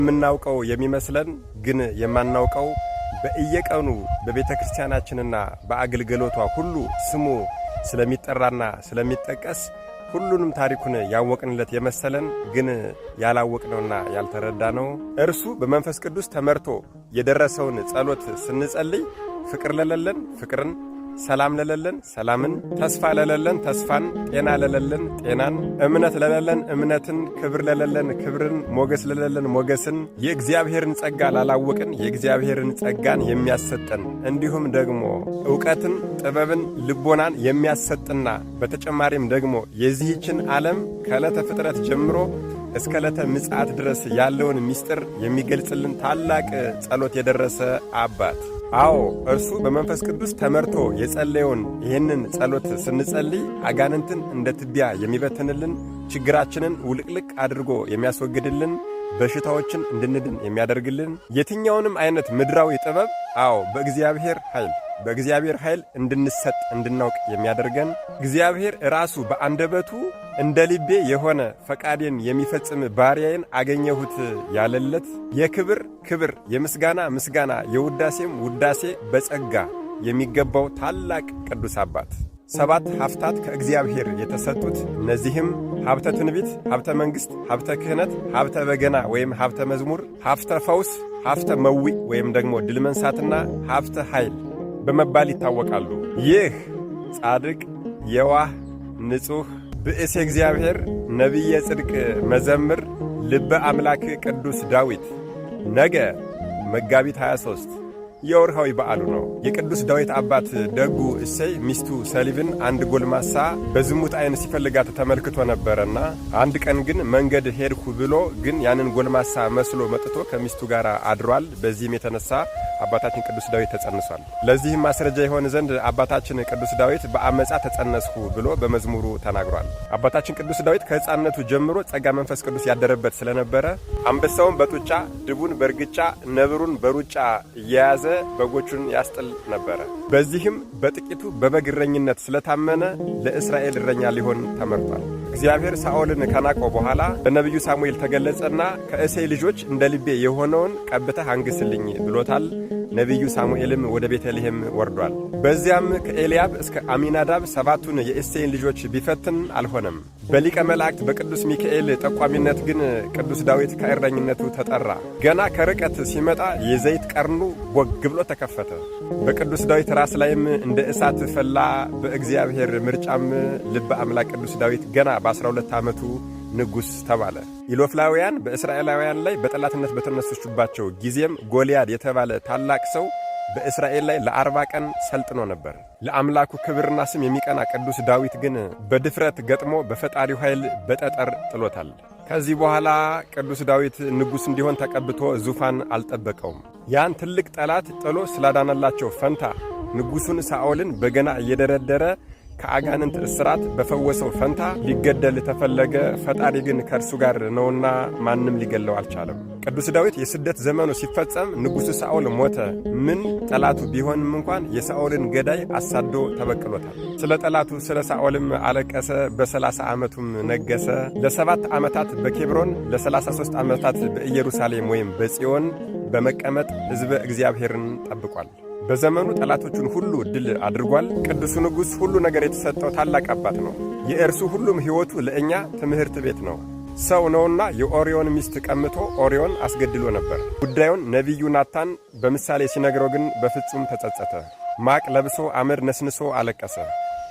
የምናውቀው የሚመስለን ግን የማናውቀው በእየቀኑ በቤተ ክርስቲያናችንና በአገልግሎቷ ሁሉ ስሙ ስለሚጠራና ስለሚጠቀስ ሁሉንም ታሪኩን ያወቅንለት የመሰለን ግን ያላወቅነውና ነው። እርሱ በመንፈስ ቅዱስ ተመርቶ የደረሰውን ጸሎት ስንጸልይ ፍቅር ለለለን ፍቅርን ሰላም ለለለን ሰላምን፣ ተስፋ ለለለን ተስፋን፣ ጤና ለለለን ጤናን፣ እምነት ለለለን እምነትን፣ ክብር ለለለን ክብርን፣ ሞገስ ለለለን ሞገስን፣ የእግዚአብሔርን ጸጋ ላላወቅን የእግዚአብሔርን ጸጋን የሚያሰጠን እንዲሁም ደግሞ እውቀትን፣ ጥበብን፣ ልቦናን የሚያሰጥና በተጨማሪም ደግሞ የዚህችን ዓለም ከዕለተ ፍጥረት ጀምሮ እስከ ዕለተ ምጽአት ድረስ ያለውን ምስጢር የሚገልጽልን ታላቅ ጸሎት የደረሰ አባት አዎ እርሱ በመንፈስ ቅዱስ ተመርቶ የጸለየውን ይህንን ጸሎት ስንጸልይ አጋንንትን እንደ ትቢያ የሚበትንልን፣ ችግራችንን ውልቅልቅ አድርጎ የሚያስወግድልን በሽታዎችን እንድንድን የሚያደርግልን የትኛውንም አይነት ምድራዊ ጥበብ፣ አዎ በእግዚአብሔር ኃይል በእግዚአብሔር ኃይል እንድንሰጥ እንድናውቅ የሚያደርገን እግዚአብሔር ራሱ በአንደበቱ እንደ ልቤ የሆነ ፈቃዴን የሚፈጽም ባሪያዬን አገኘሁት ያለለት የክብር ክብር፣ የምስጋና ምስጋና፣ የውዳሴም ውዳሴ በጸጋ የሚገባው ታላቅ ቅዱስ አባት ሰባት ሀብታት ከእግዚአብሔር የተሰጡት እነዚህም ሀብተ ትንቢት፣ ሀብተ መንግሥት፣ ሀብተ ክህነት፣ ሀብተ በገና ወይም ሀብተ መዝሙር፣ ሀብተ ፈውስ፣ ሀብተ መዊ ወይም ደግሞ ድል መንሳትና ሀብተ ኃይል በመባል ይታወቃሉ። ይህ ጻድቅ የዋህ ንጹሕ ብእስ እግዚአብሔር ነቢየ ጽድቅ መዘምር ልበ አምላክ ቅዱስ ዳዊት ነገ መጋቢት 23 የወርሃዊ በዓሉ ነው። የቅዱስ ዳዊት አባት ደጉ እሴይ ሚስቱ ሰሊብን አንድ ጎልማሳ በዝሙት ዓይን ሲፈልጋት ተመልክቶ ነበረና አንድ ቀን ግን መንገድ ሄድኩ ብሎ ግን ያንን ጎልማሳ መስሎ መጥቶ ከሚስቱ ጋር አድሯል። በዚህም የተነሳ አባታችን ቅዱስ ዳዊት ተጸንሷል። ለዚህም ማስረጃ የሆነ ዘንድ አባታችን ቅዱስ ዳዊት በአመፃ ተጸነስኩ ብሎ በመዝሙሩ ተናግሯል። አባታችን ቅዱስ ዳዊት ከሕፃንነቱ ጀምሮ ጸጋ መንፈስ ቅዱስ ያደረበት ስለነበረ አንበሳውን በጡጫ ድቡን በእርግጫ ነብሩን በሩጫ እየያዘ በጎቹን ያስጥል ነበረ። በዚህም በጥቂቱ በበግረኝነት ስለታመነ ለእስራኤል እረኛ ሊሆን ተመርጧል። እግዚአብሔር ሳኦልን ከናቆ በኋላ በነቢዩ ሳሙኤል ተገለጸና ከእሴይ ልጆች እንደ ልቤ የሆነውን ቀብተህ አንግስልኝ ብሎታል። ነቢዩ ሳሙኤልም ወደ ቤተልሔም ወርዷል። በዚያም ከኤልያብ እስከ አሚናዳብ ሰባቱን የእሴይን ልጆች ቢፈትን አልሆነም። በሊቀ መላእክት በቅዱስ ሚካኤል ጠቋሚነት ግን ቅዱስ ዳዊት ከእረኝነቱ ተጠራ። ገና ከርቀት ሲመጣ የዘይት ቀርኑ ቦግ ብሎ ተከፈተ። በቅዱስ ዳዊት ራስ ላይም እንደ እሳት ፈላ። በእግዚአብሔር ምርጫም ልበ አምላክ ቅዱስ ዳዊት ገና በ12 ዓመቱ ንጉሥ ተባለ። ኢሎፍላውያን በእስራኤላውያን ላይ በጠላትነት በተነሱችባቸው ጊዜም ጎልያድ የተባለ ታላቅ ሰው በእስራኤል ላይ ለአርባ ቀን ሰልጥኖ ነበር። ለአምላኩ ክብርና ስም የሚቀና ቅዱስ ዳዊት ግን በድፍረት ገጥሞ በፈጣሪው ኃይል በጠጠር ጥሎታል። ከዚህ በኋላ ቅዱስ ዳዊት ንጉሥ እንዲሆን ተቀብቶ ዙፋን አልጠበቀውም። ያን ትልቅ ጠላት ጥሎ ስላዳነላቸው ፈንታ ንጉሡን ሳኦልን በገና እየደረደረ ከአጋንንት እስራት በፈወሰው ፈንታ ሊገደል ተፈለገ። ፈጣሪ ግን ከእርሱ ጋር ነውና ማንም ሊገለው አልቻለም። ቅዱስ ዳዊት የስደት ዘመኑ ሲፈጸም ንጉሡ ሳኦል ሞተ። ምን ጠላቱ ቢሆንም እንኳን የሳኦልን ገዳይ አሳዶ ተበቅሎታል። ስለ ጠላቱ ስለ ሳኦልም አለቀሰ። በሰላሳ ዓመቱም ነገሰ። ለሰባት ዓመታት በኬብሮን ለሰላሳ ሦስት ዓመታት በኢየሩሳሌም ወይም በጽዮን በመቀመጥ ሕዝበ እግዚአብሔርን ጠብቋል። በዘመኑ ጠላቶቹን ሁሉ ድል አድርጓል። ቅዱሱ ንጉሥ ሁሉ ነገር የተሰጠው ታላቅ አባት ነው። የእርሱ ሁሉም ሕይወቱ ለእኛ ትምህርት ቤት ነው። ሰው ነውና የኦሪዮን ሚስት ቀምቶ ኦሪዮን አስገድሎ ነበር። ጉዳዩን ነቢዩ ናታን በምሳሌ ሲነግረው ግን በፍጹም ተጸጸተ። ማቅ ለብሶ አመድ ነስንሶ አለቀሰ።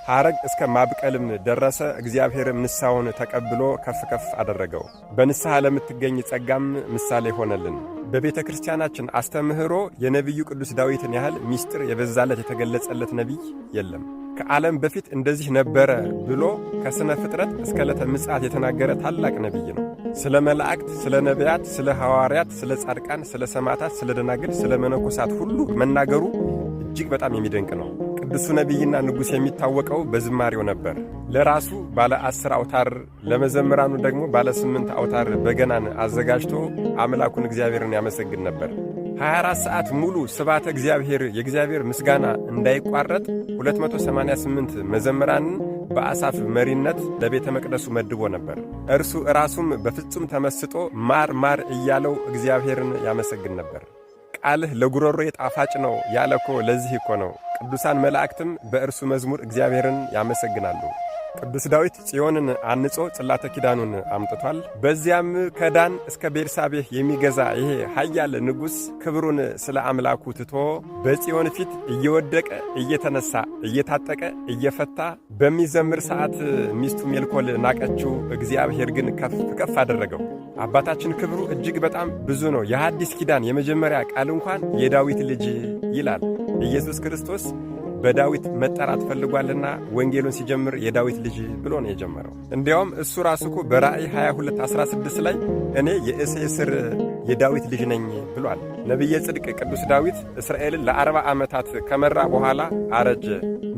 ሐረግ እስከ ማብቀልም ደረሰ። እግዚአብሔርም ንስሐውን ተቀብሎ ከፍ ከፍ አደረገው። በንስሐ ለምትገኝ ጸጋም ምሳሌ ሆነልን። በቤተ ክርስቲያናችን አስተምህሮ የነቢዩ ቅዱስ ዳዊትን ያህል ምስጢር የበዛለት የተገለጸለት ነቢይ የለም። ከዓለም በፊት እንደዚህ ነበረ ብሎ ከሥነ ፍጥረት እስከ ዕለተ ምጽአት የተናገረ ታላቅ ነቢይ ነው። ስለ መላእክት፣ ስለ ነቢያት፣ ስለ ሐዋርያት፣ ስለ ጻድቃን፣ ስለ ሰማዕታት፣ ስለ ደናግል፣ ስለ መነኮሳት ሁሉ መናገሩ እጅግ በጣም የሚደንቅ ነው። ቅዱሱ ነቢይና ንጉሥ የሚታወቀው በዝማሬው ነበር። ለራሱ ባለ አስር አውታር ለመዘምራኑ ደግሞ ባለ ስምንት አውታር በገናን አዘጋጅቶ አምላኩን እግዚአብሔርን ያመሰግን ነበር። 24 ሰዓት ሙሉ ስባተ እግዚአብሔር የእግዚአብሔር ምስጋና እንዳይቋረጥ 288 መዘምራንን በአሳፍ መሪነት ለቤተ መቅደሱ መድቦ ነበር። እርሱ ራሱም በፍጹም ተመስጦ ማር ማር እያለው እግዚአብሔርን ያመሰግን ነበር። ቃልህ ለጉረሮ ጣፋጭ ነው ያለኮ ለዚህ እኮ ነው። ቅዱሳን መላእክትም በእርሱ መዝሙር እግዚአብሔርን ያመሰግናሉ። ቅዱስ ዳዊት ጽዮንን አንጾ ጽላተ ኪዳኑን አምጥቷል። በዚያም ከዳን እስከ ቤርሳቤህ የሚገዛ ይሄ ኃያል ንጉሥ ክብሩን ስለ አምላኩ ትቶ በጽዮን ፊት እየወደቀ እየተነሳ እየታጠቀ እየፈታ በሚዘምር ሰዓት ሚስቱ ሜልኮል ናቀችው። እግዚአብሔር ግን ከፍ ከፍ አደረገው። አባታችን ክብሩ እጅግ በጣም ብዙ ነው። የሐዲስ ኪዳን የመጀመሪያ ቃል እንኳን የዳዊት ልጅ ይላል ኢየሱስ ክርስቶስ በዳዊት መጠራት ፈልጓልና ወንጌሉን ሲጀምር የዳዊት ልጅ ብሎ ነው የጀመረው። እንዲያውም እሱ ራሱ እኮ በራእይ 22 16 ላይ እኔ የእሴ ስር። የዳዊት ልጅ ነኝ ብሏል። ነቢየ ጽድቅ ቅዱስ ዳዊት እስራኤልን ለአርባ ዓመታት ከመራ በኋላ አረጀ።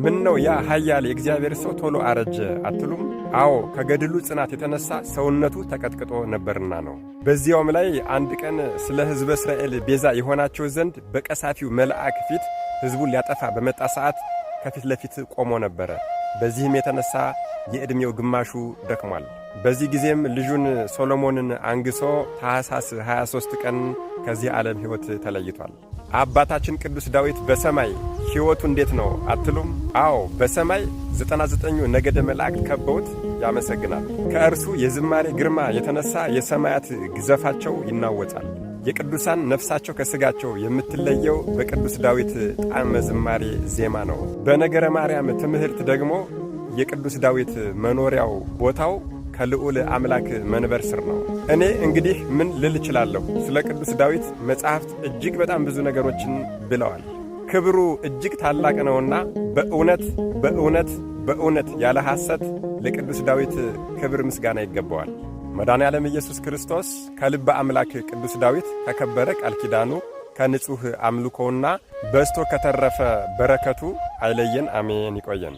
ምን ነው ያ ኃያል የእግዚአብሔር ሰው ቶሎ አረጀ አትሉም? አዎ ከገድሉ ጽናት የተነሳ ሰውነቱ ተቀጥቅጦ ነበርና ነው። በዚያውም ላይ አንድ ቀን ስለ ሕዝበ እስራኤል ቤዛ የሆናቸው ዘንድ በቀሳፊው መልአክ ፊት ሕዝቡን ሊያጠፋ በመጣ ሰዓት ከፊት ለፊት ቆሞ ነበረ። በዚህም የተነሳ የዕድሜው ግማሹ ደክሟል። በዚህ ጊዜም ልጁን ሶሎሞንን አንግሶ ታኅሳስ 23 ቀን ከዚህ ዓለም ሕይወት ተለይቷል። አባታችን ቅዱስ ዳዊት በሰማይ ሕይወቱ እንዴት ነው አትሉም? አዎ በሰማይ ዘጠና ዘጠኙ ነገደ መላእክት ከበውት ያመሰግናል። ከእርሱ የዝማሬ ግርማ የተነሣ የሰማያት ግዘፋቸው ይናወጻል። የቅዱሳን ነፍሳቸው ከሥጋቸው የምትለየው በቅዱስ ዳዊት ጣዕመ ዝማሬ ዜማ ነው። በነገረ ማርያም ትምህርት ደግሞ የቅዱስ ዳዊት መኖሪያው ቦታው ከልዑል አምላክ መንበር ስር ነው። እኔ እንግዲህ ምን ልል እችላለሁ? ስለ ቅዱስ ዳዊት መጻሕፍት እጅግ በጣም ብዙ ነገሮችን ብለዋል። ክብሩ እጅግ ታላቅ ነውና በእውነት በእውነት በእውነት ያለ ሐሰት ለቅዱስ ዳዊት ክብር ምስጋና ይገባዋል። መድኃኔ ዓለም ኢየሱስ ክርስቶስ ከልበ አምላክ ቅዱስ ዳዊት ከከበረ ቃል ኪዳኑ ከንጹሕ አምልኮውና በዝቶ ከተረፈ በረከቱ አይለየን። አሜን። ይቆየን።